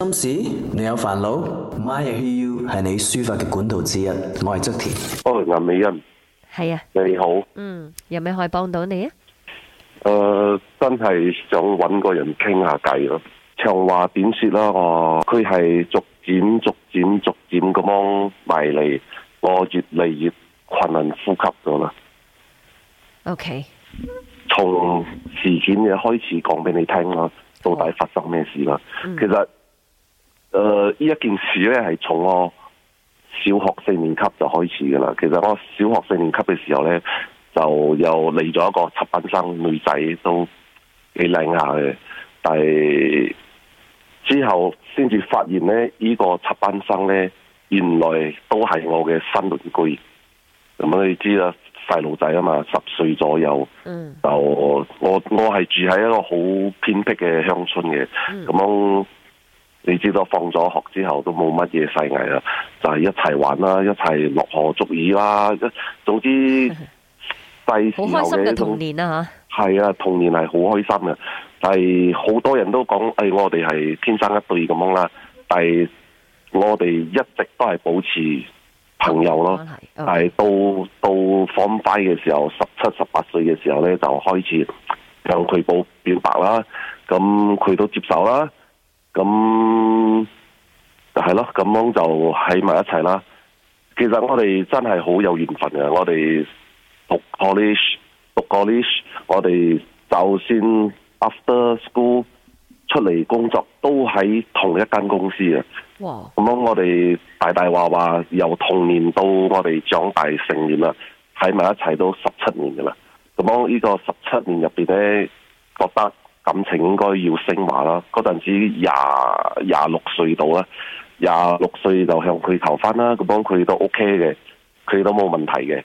心事，你有煩惱？My I Hear U 係你抒發嘅管道之一。我係側田。哦，林美恩，係啊，你好。嗯，有咩可以幫到你啊？誒、呃，真係想搵個人傾下偈咯。長話短說啦，我、呃，佢係逐漸、逐漸、逐漸咁樣嚟嚟，我越嚟越困難呼吸咗啦。OK，從事件嘅開始講俾你聽啦，到底發生咩事啦、嗯？其實。誒、呃，呢一件事咧，係從我小學四年級就開始噶啦。其實我小學四年級嘅時候咧，就又嚟咗一個插班生女仔，都幾靚下嘅。但係之後先至發現咧，呢、呢個插班生咧，原來都係我嘅新鄰居。咁、嗯、你知啦，細路仔啊嘛，十歲左右，嗯，就我我係住喺一個好偏僻嘅鄉村嘅，咁樣。你知道放咗學之後都冇乜嘢細藝啦，就係、是、一齊玩啦，一齊落河捉魚啦。總之細 時候好開心嘅童年啊吓！係啊，童年係好開心嘅，但係好多人都講，誒、哎，我哋係天生一對咁樣啦。但係我哋一直都係保持朋友咯。 但係是到、 嗯、到放快嘅時候，十七十八歲嘅時候咧，就開始向佢表表白啦。咁佢都接受啦。咁、嗯、就係、是，咯，咁樣就喺埋一齊啦。其實我哋真係好有緣分呀。我哋讀 college、讀 college，我哋就算 after school 出嚟工作都喺同一間公司嘅。哇！咁樣我哋大大話話由童年到我哋長大成年啦，喺埋一齊都十七年㗎啦。咁樣這個呢個十七年入邊咧，覺得。感情應該要升華啦。嗰陣時廿廿六歲到啦，廿六歲就向佢求婚啦。咁幫佢都 OK 嘅，佢都冇問題嘅。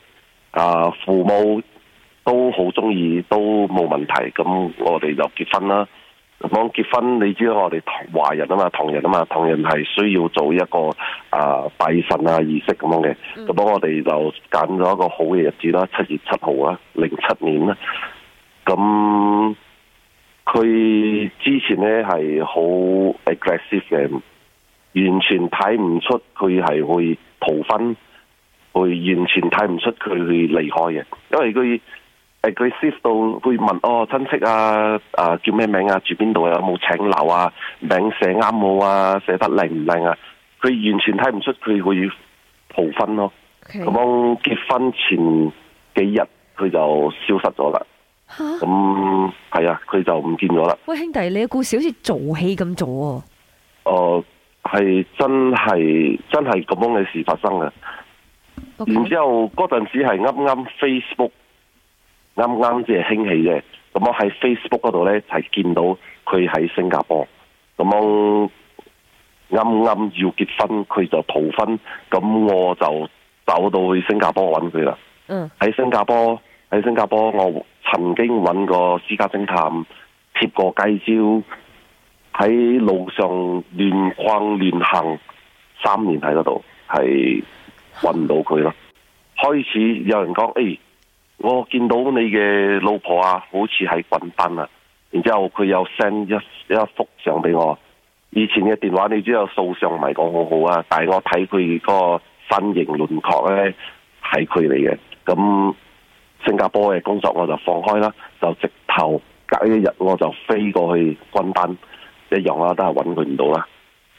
啊，父母都好中意，都冇問題。咁我哋就結婚啦。咁幫結婚，你知道我哋華人啊嘛，唐人啊嘛，唐人係需要做一個啊拜神啊儀式咁樣嘅。咁幫我哋就揀咗一個好嘅日子啦，七月七號啦，零七年啦。咁佢之前咧係好 aggressive 嘅，完全睇唔出佢，係會逃婚，會完全睇唔出佢會離開嘅，因為佢 aggressive 到佢問哦，親戚啊啊叫咩名啊，名住邊度啊，有冇請留啊，名寫啱冇啊，寫得靚唔靚啊，佢完全睇唔出佢會逃婚咯。咁樣 Okay。結婚前幾日佢就消失咗啦。吓，咁係啊，佢、嗯啊、就唔見咗啦。喂，兄弟，你嘅故事好似做戲咁做。哦，係、呃、真係真係咁樣嘅事發生嘅。Okay. 然之後嗰陣時係啱啱 Facebook 啱啱即係興起嘅，咁我喺 Facebook 嗰度咧係見到佢喺新加坡，咁樣啱啱要結婚，佢就逃婚，咁我就走到去新加坡揾佢啦。嗯，喺新加坡。嗯喺新加坡，我曾經搵過私家偵探，貼過街招，喺路上亂逛亂行三年喺嗰度，係搵唔到佢咯。開始有人講，誒、欸,我見到你嘅老婆啊，好似係滾濱啊！然之後佢又 send 一一幅相俾我。以前嘅電話你知道素上唔係講好好啊，但係我睇佢個身形輪廓咧係佢嚟嘅，咁。新加坡嘅工作我就放開啦，就直頭隔一日我就飛過去關丹，一樣啦，都係揾佢唔到啦。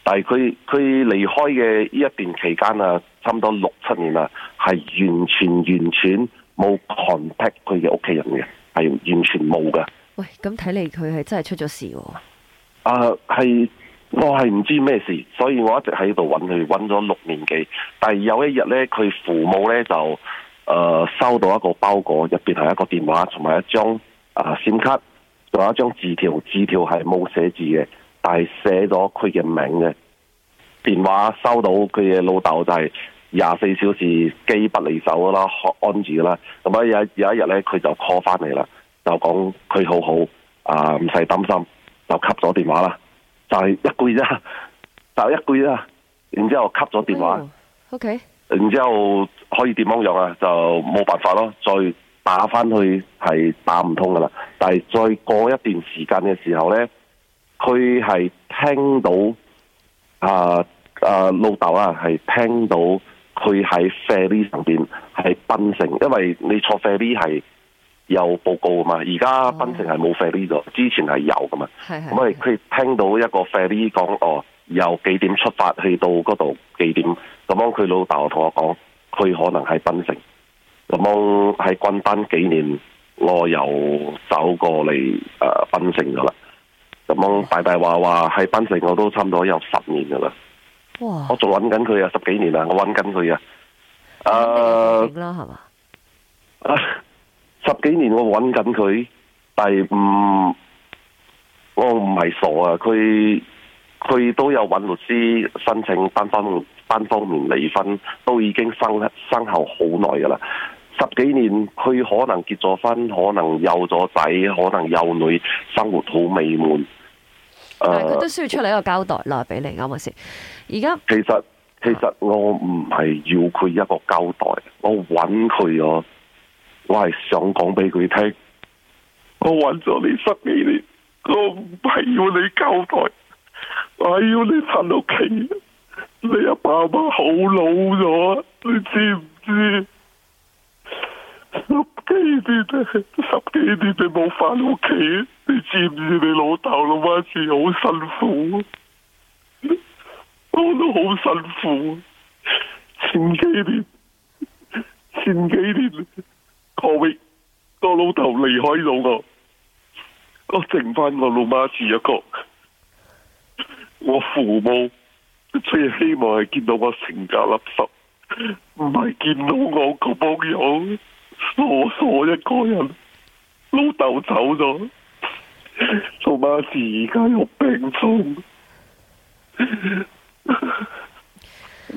但係佢佢離開嘅呢一段期間啊，差唔多六七年啦，係完全完全冇 contact 佢嘅屋企人嘅，係完全冇噶。喂，咁睇嚟佢係真係出咗事。啊、呃，係我係唔知咩事，所以我一直喺度揾佢，揾咗六年幾。但係有一日咧，佢父母咧就。誒，收到一個包裹，入邊係一個電話，同埋一張啊 SIM 卡，仲有一張字條，字條係冇寫字嘅，但係寫咗佢嘅名嘅電話，收到佢嘅老豆就係廿四小時機不離手啦，安住啦。咁啊有有一日咧，佢就 call 翻嚟啦，就講佢好好啊，唔使擔心，就 cut 咗電話啦，就係一句啫，就一句啫，然之後 cut 咗電話。O K。然之後可以點樣樣啊？就冇辦法咯，再打翻去係打唔通噶啦。但係再過一段時間嘅時候咧，佢係聽到啊啊老豆啊，係、啊啊、聽到佢喺 ferry 上邊係檳城，因為你坐 ferry 係有報告噶嘛。而家檳城係冇 ferry 之前係有噶嘛。咁、嗯、佢、嗯、聽到一個 ferry 講哦，由幾點出發去到嗰度幾點？咁樣佢老豆同我講，佢可能喺檳城。咁樣喺關丹幾年，我又走過嚟誒檳城噶啦。咁樣大大話話喺檳城，我都差唔多有十年噶啦。哇！我仲揾緊佢啊，十幾年啦，我揾緊佢啊。誒，啦係嘛？啊，十幾年我揾緊佢，但係唔、嗯，我唔係傻啊。佢佢都有揾律師申請單方。單方面離婚都已經生生後好耐噶啦，十幾年佢可能結咗婚，可能有咗仔，可能有女，生活好美滿。但係佢都需要出嚟一個交代，來、呃、俾你啱唔啱先？而家其實其實我唔係要佢一個交代，我揾佢我我係想講俾佢聽，我揾咗你十幾年，我唔係要你交代，我要你返屋企。你阿爸媽好老咗，你知唔知？十幾年，十幾年你冇翻屋企，你知唔知？你老豆老媽住好辛苦，我都好辛苦。前幾年，前幾年，個位個老豆離開咗我，我剩翻我老媽住一個，我父母。最希望係見到我成家立室，唔係見到我個朋友我我一個人，老豆走咗，做埋阿而家又病重，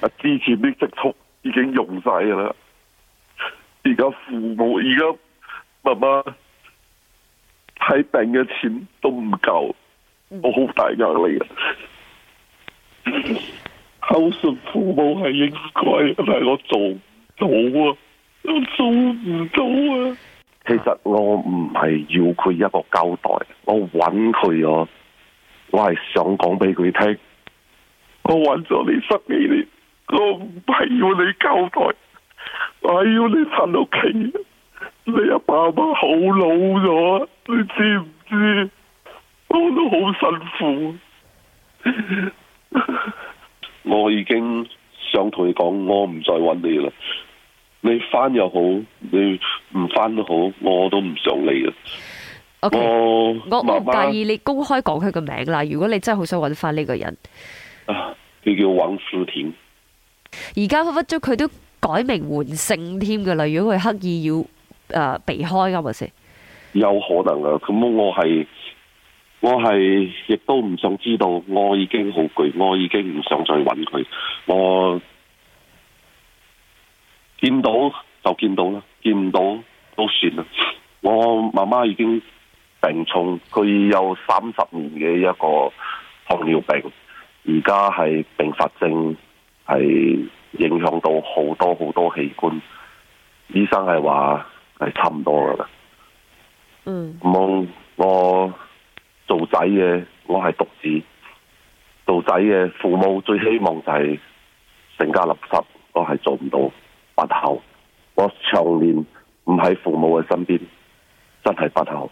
我之前啲積蓄已經用晒啦，而家父母而家媽媽睇病嘅錢都唔夠，我好大壓力啊！孝順父母係應該，但係我做唔到啊！我做唔到啊！其實我唔係要佢一個交代，我揾佢啊，我係想講俾佢聽，我揾咗你十幾年，我唔係要你交代，我係要你返屋企。你阿爸爸好老咗，你知唔知道？我都好辛苦。 我已經想同你講，我唔再揾你啦。你翻又好，你唔翻都好，我都唔想你啦，okay。我媽媽我我唔介意你公開講佢個名啦。如果你真係好想揾翻呢個人，啊，佢叫王思甜。而家屈屈咗，佢都改名換姓添噶啦。如果佢刻意要誒、呃、避開，啱唔啱先？有可能啊。咁我係。我係亦都唔想知道，我已經好攰，我已經唔想再揾佢。我見到就見到啦，見唔到都算啦。我媽媽已經病重，佢有三十年嘅一個糖尿病，而家係併發症，係影響到好多好多器官。醫生係話係差唔多噶啦。嗯，咁我。做仔嘅我係獨子，做仔嘅父母最希望就係成家立室，我係做唔到，不孝，我長年唔喺父母嘅身邊，真係不孝。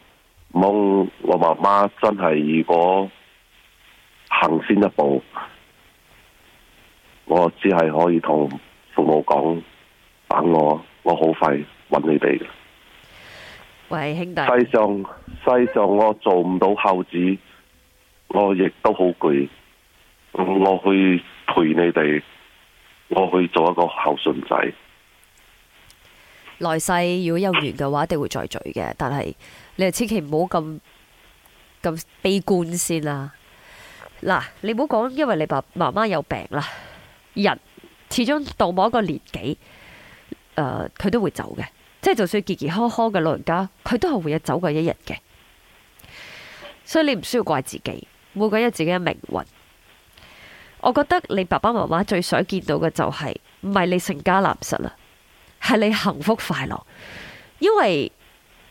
望我媽媽真係如果行先一步，我只係可以同父母講，等我，我好快搵你哋。喂，兄弟，世上世上我做唔到孝子，我亦都好攰，我去陪你哋，我去做一個孝順仔。來世如果有緣嘅話，一定會再聚嘅。但係你哋千祈唔好咁咁悲觀先啦。嗱，你唔好講，因為你爸爸媽媽有病啦。人始終到某一個年紀，誒、呃，佢都會走嘅。即係就算健健康康嘅老人家，佢都係會有走過一日嘅，所以你唔需要怪自己，每個人有自己嘅命運。我覺得你爸爸媽媽最想見到嘅就係唔係你成家立室啦，係你幸福快樂。因為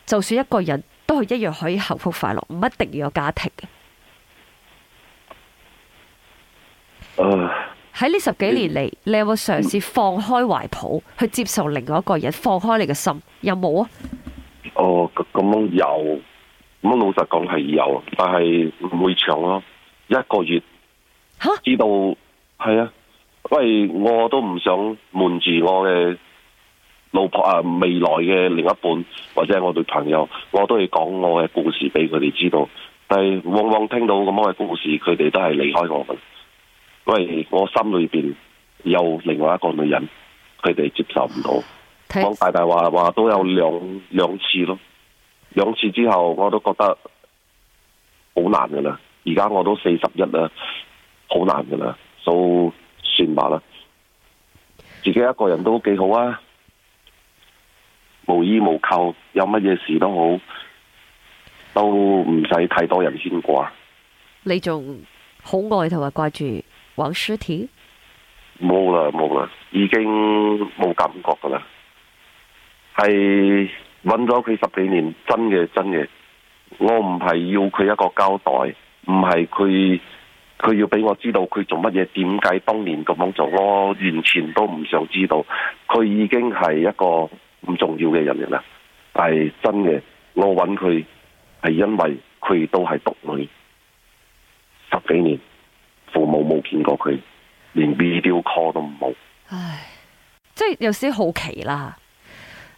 就算一個人都係一樣可以幸福快樂，唔一定要有家庭嘅。喺呢十幾年嚟，你有冇嘗試放開懷抱、嗯、去接受另外一個人？放開你嘅心有冇啊？哦，咁樣有，咁老實講係有，但係唔會長咯，一個月。吓，知道係啊，因為我都唔想瞞住我嘅老婆啊，未來嘅另一半或者我啲朋友，我都係講我嘅故事俾佢哋知道。但係往往聽到咁樣嘅故事，佢哋都係離開我因為我心裏邊有另外一個女人，佢哋接受唔到。講大大話話都有兩兩次咯，兩次之後我都覺得好難噶啦。而家我都四十一啦，好難噶啦，都算罷啦。自己一個人都幾好啊，無依無靠，有乜嘢事都好，都唔使太多人牽掛。你仲好愛同埋掛住。王詩婷？冇啦，冇啦，已經冇感覺噶啦。係揾咗佢十幾年，真嘅真嘅。我唔係要佢一個交代，唔係佢佢要俾我知道佢做乜嘢，點解當年咁樣做，我完全都唔想知道。佢已經係一個唔重要嘅人嚟啦，但係真嘅。我揾佢係因為佢都係獨女十幾年。父母冇見過佢，連 video call 都唔好。唉，即係有少少好奇啦。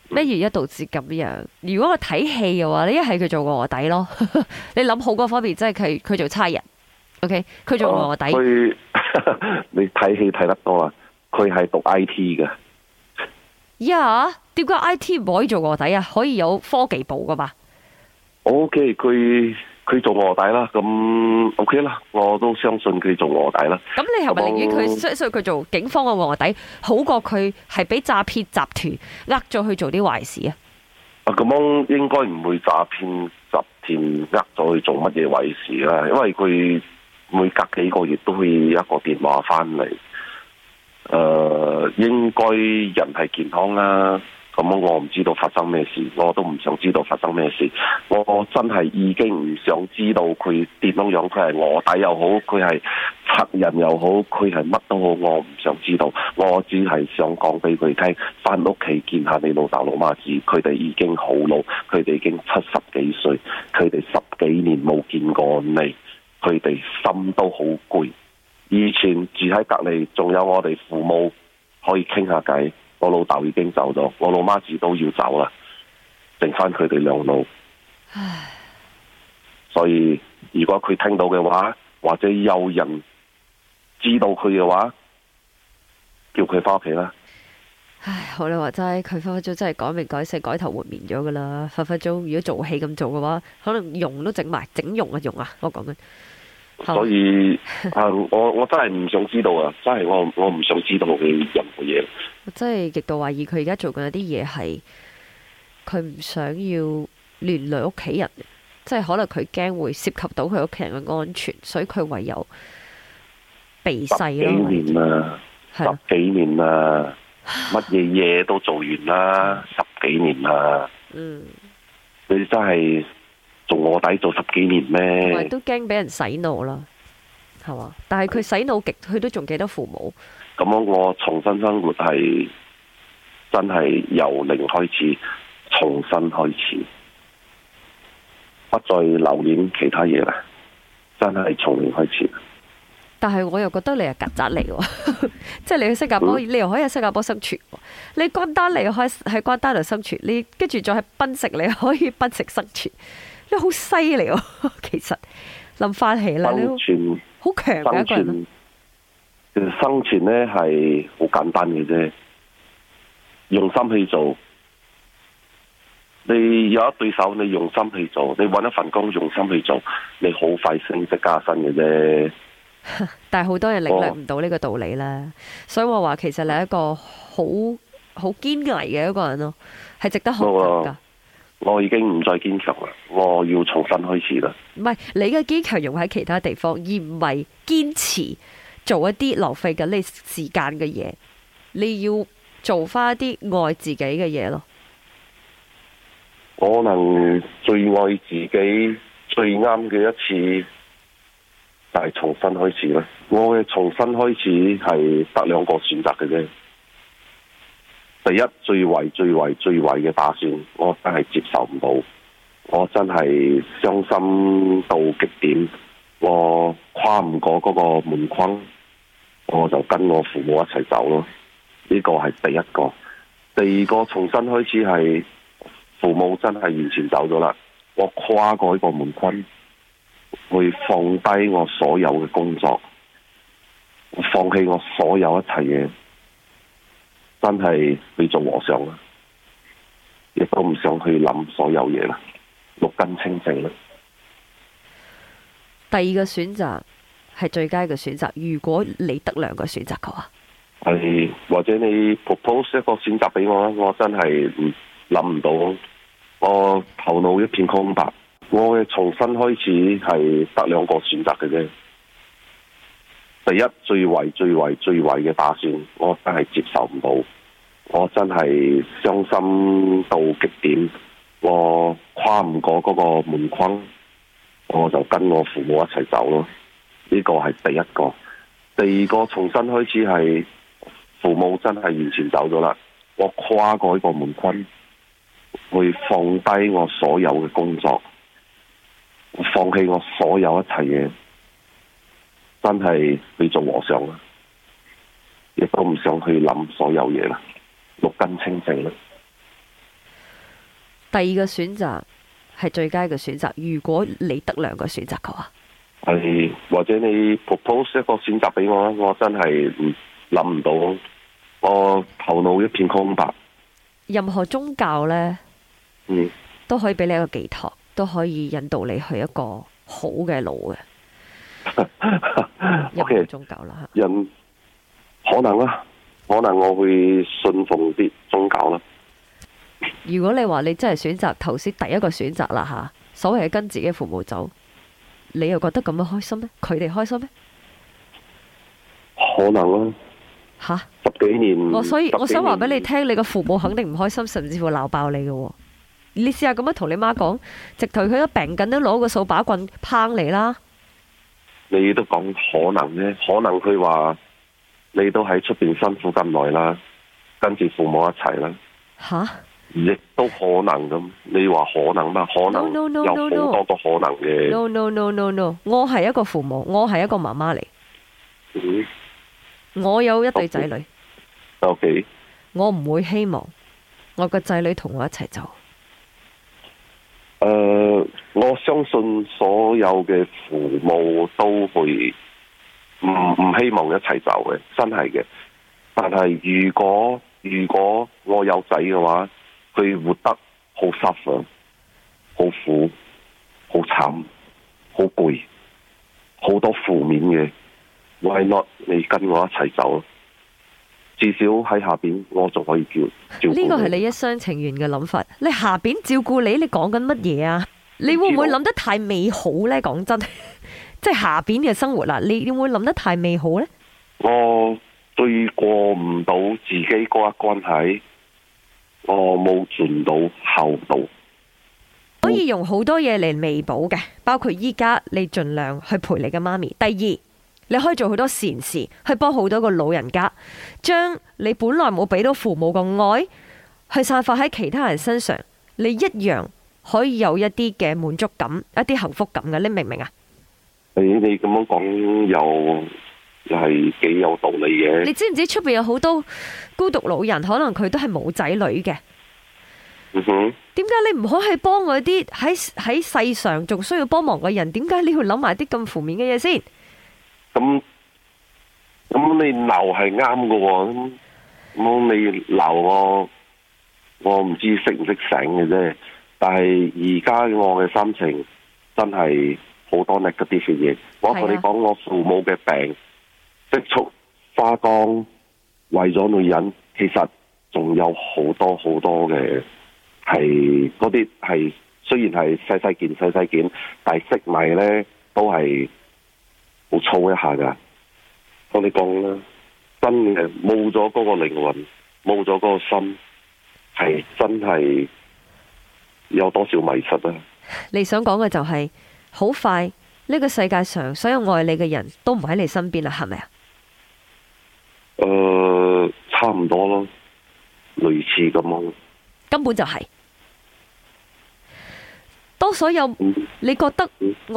咩原因導致咁樣？如果我睇戲嘅話，你一係佢做臥底咯， 你諗好嗰方面，即係佢佢做差人。O K，佢做臥底。啊、 你睇戲睇得多啊？佢係讀 I T 嘅。呀，點解 I T 唔可以做臥底啊？可以有科技部噶嘛，O K，佢。Okay, 佢做臥底啦，咁 OK 啦，我都相信佢做臥底啦。咁你係咪寧願佢，所以佢做警方嘅臥底，好過佢係俾詐騙集團呃咗去做啲壞事啊？啊，咁應該唔會詐騙集團呃咗去做乜嘢壞事啦，因為佢每隔幾個月都會一個電話翻嚟，誒、呃，應該人係健康啦。咁我唔知道發生咩事，我都唔想知道發生咩事。我真係已經唔想知道佢點樣樣，佢係臥底又好，佢係賊人又好，佢係乜都好，我唔想知道。我只係想講俾佢聽，返屋企見下你老豆老媽子，佢哋已經好老，佢哋已經七十幾歲，佢哋十幾年冇見過你，佢哋心都好攰。以前住喺隔籬，仲有我哋父母可以傾下偈。我老豆已經走咗，我老媽子都要走啦，剩翻佢哋兩老。唉，所以如果佢聽到嘅話，或者有人知道佢嘅話，叫佢翻屋企啦。唉，好啦，話齋，佢分分鐘真係改名改姓，改頭換面咗噶啦，分分鐘，如果做戲咁做嘅話，可能容都整埋，整容啊容啊，我講緊。所以 啊，我我真係唔想知道啊！真係我我唔想知道佢任何嘢。我真係極度懷疑佢而家做緊一啲嘢係，佢唔想要連累屋企人，即係可能佢驚會涉及到佢屋企人嘅安全，所以佢唯有避世啊幾年啊？十幾年啦？乜嘢嘢都做完啦，十幾年啦。嗯，你 真係。做卧底做十幾年咩？都驚俾人洗腦啦，係嘛？但係佢洗腦極，佢都仲記得父母。咁樣我重新生活係真係由零開始，重新開始，不再留戀其他嘢啦。真係從零開始。但係我又覺得你係曱甴嚟，即 係你去新加坡，嗯、你又可以喺新加坡生存。你關丹你可以喺關丹嚟開喺關丹度生存，你跟住再喺檳城，你可以檳城生存。真好犀利哦！其實諗翻起咧，好強嘅一個人。其實生存咧係好簡單嘅啫，用心去做。你有一對手，你用心去做；你揾一份工，用心去做，你好快升職加薪嘅啫。但係好多人領略唔到呢個道理啦，哦，所以我話其實你係一個好好堅毅嘅一個人咯，係值得學習噶。哦我已經唔再堅強啦，我要重新開始啦。唔係，你嘅堅強用喺其他地方，而唔係堅持做一啲浪費緊你時間嘅嘢。你要做翻一啲愛自己嘅嘢咯。我可能最愛自己最啱嘅一次就係重新開始啦。我嘅重新開始係得兩個選擇嘅啫。第一，最壞最壞最壞嘅打算，我真係接受唔到，我真係傷心到極點。我跨唔過嗰個門框，我就跟我父母一齊走咯。呢個係第一個。第二個，重新開始係父母真係完全走咗啦。我跨過呢個門框，會放低我所有嘅工作，放棄我所有一切嘢。真係你做和尚啦，亦都唔想去諗所有嘢啦，六根清淨啦。第二個選擇係最佳嘅選擇，如果你得兩個選擇嘅話，係、哎、或者你 propose 一個選擇俾我，我真係諗唔到，我頭腦一片空白，我會重新開始，係得兩個選擇嘅啫。第一，最壞最壞最壞嘅打算，我真係接受唔到，我真係傷心到極點。我跨唔過嗰個門框，我就跟我父母一齊走咯。呢個係第一個。第二個，重新開始，係父母真係完全走咗啦。我跨過呢個門框，會放低我所有嘅工作，放棄我所有一切嘢。真係你做和尚啦，亦都唔想去諗所有嘢啦，六根清淨啦。第二個選擇係最佳嘅選擇，如果你得兩個選擇嘅話，係、哎、或者你 propose 一個選擇俾我，我真係唔諗唔到，我頭腦一片空白。任何宗教呢，嗯，都可以俾你一個寄託，都可以引導你去一個好嘅路嘅。O K，宗教啦、okay. 人可能啦、啊，可能我會信奉啲宗教啦。如果你話你真係選擇頭先第一個選擇啦吓，所謂跟自己父母走，你又覺得咁樣開心咩？佢哋開心咩？可能啦、啊，吓、啊，十幾年。我所以我想話俾你聽， 你個父母肯定唔開心，甚至乎鬧爆你嘅。你試下咁樣同你媽講，直頭佢都病緊，都攞個掃把棍抨你啦。你都講可能咧，可能佢話你都喺出邊辛苦咁耐啦，跟住父母一齊啦，吓，亦都可能咁。你話可能嘛？可能有好多個可能嘅。No no no no no，, no. no, no, no, no, no. 我係一個父母，我係一個媽媽嚟。我有一對仔女。O、okay. K，、okay. 我唔會希望我個仔女同我一齊走。相信所有嘅父母都會唔唔希望一齊走嘅，真係嘅。但係如果如果我有仔嘅話，佢活得好失 u 好苦，好慘，好攰，好多負面嘅，我為咗你跟我一齊走，咯，至少喺下邊我仲可以叫照。呢個係你一廂情願嘅諗法。你下邊照顧你，你講緊乜嘢啊你會唔會諗得太美好呢？講真，即係下邊嘅生活啦，你會唔會諗得太美好呢？我對過唔到自己嗰一關係，我冇盡到後到，可以用好多嘢嚟彌補嘅，包括依家你盡量去陪你嘅媽咪。第二，你可以做好多善事，去幫好多個老人家，將你本來冇俾到父母個愛，去散發喺其他人身上，你一樣。可以有一啲嘅滿足感，一啲幸福感嘅，你明唔明啊？誒，你咁樣講又又係幾有道理嘅。你知唔知出邊有好多孤獨老人，可能佢都係冇仔女嘅。嗯哼。點解你唔可以幫嗰啲喺喺世上仲需要幫忙嘅人？點解你要諗埋啲咁負面嘅嘢先？咁咁你鬧係啱㗎，咁咁你鬧我，我唔知識唔識醒嘅啫。但係而家我嘅心情真係好多力嗰啲事嘢，我同你講、啊、我父母嘅病，積蓄花光，為咗女人，其實仲有好多好多嘅係嗰啲係雖然係細細件細細件，但係識埋咧都係好粗一下噶。我哋講啦，真係冇咗嗰個靈魂，冇咗嗰個心，係真係。有多少迷失咧、啊？你想講嘅就係、是、好快呢、這個世界上所有愛你嘅人都唔喺你身邊啦，係咪啊？誒、呃，差唔多咯，類似咁咯。根本就係、是，當所有你覺得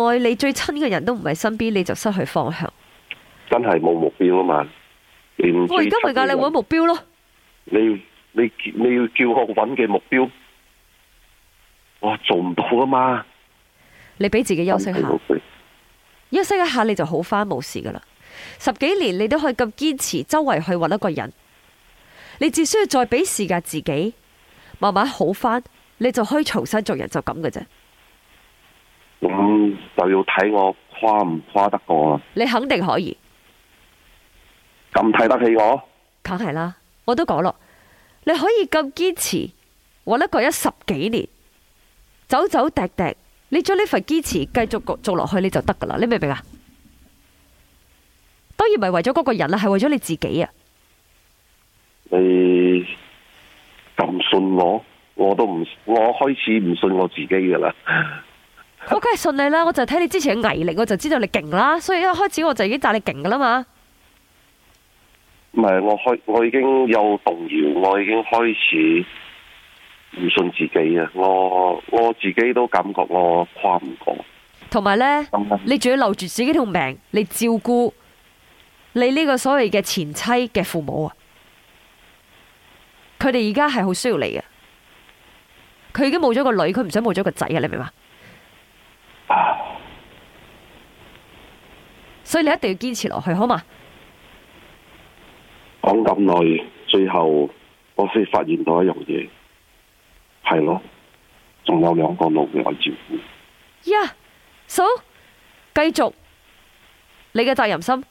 愛你最親嘅人都唔喺身邊，你就失去方向。嗯嗯嗯、真係冇目標啊嘛！我而家咪教你搵目標咯。你你你要叫我搵嘅目標？我做唔到噶嘛？你俾自己休息一下，休息一下，休息一下你就好翻冇事噶啦。十幾年你都可以咁堅持，周圍去揾一個人，你只需要再俾時間自己慢慢好翻，你就可以重新做人，就咁嘅啫。咁、嗯、就要睇我跨唔跨得過啦。你肯定可以咁，睇得起我？梗係啦。我都講咯，你可以咁堅持揾一個一十幾年。走走趯趯，你將呢份堅持繼續做落去，你就得噶啦。你明唔明啊？當然唔係為咗嗰個人啦，係為咗你自己啊！你咁信我，我都唔，我開始唔信我自己噶啦。我梗係信你啦，我就睇你之前嘅毅力，我就知道你勁啦，所以一開始我就已經讚你勁噶啦嘛不是。唔係我開，我已經有動搖，我已經開始。唔信自己啊！我我自己都感覺我跨唔過同埋咧，你仲要留住自己條命嚟照顧你呢個所謂嘅前妻嘅父母啊！佢哋而家係好需要你嘅。佢已經冇咗個女，佢唔想冇咗個仔啊！你明嘛？所以你一定要堅持落去，好嘛？講咁耐，最後我先發現到一樣嘢。係咯，仲有兩個老嘅，畀我照顧。呀，嫂，繼續，你嘅責任心，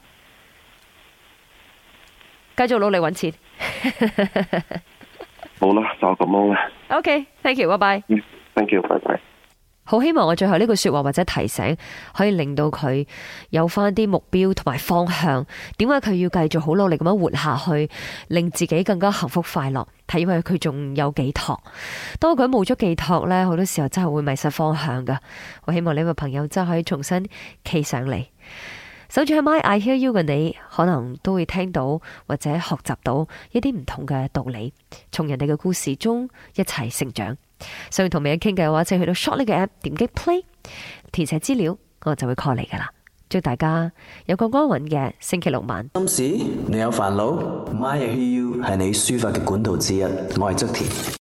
繼續努力揾錢。 好啦，就咁啦。OK，thank you，拜拜。thank you，拜拜。好希望我最後呢句說話或者提醒，可以令到佢有翻啲目標同埋方向。點解佢要繼續好努力咁樣活下去，令自己更加幸福快樂？睇因為佢仲有寄託。當佢冇咗寄託呢，好多時候真係會迷失方向噶。我希望呢位朋友真係可以重新企上嚟，守住 My I Hear You 嘅你，可能都會聽到或者學習到一啲唔同嘅道理，從人哋嘅故事中一齊成長。想要同你一傾偈嘅話，請去到 Short 呢個 App 點擊 Play，填寫資料，我就會 call 你噶啦。祝大家有個安穩嘅星期六晚。今時你有煩惱，My I Hear U 係你抒發嘅管道之一。我係則田。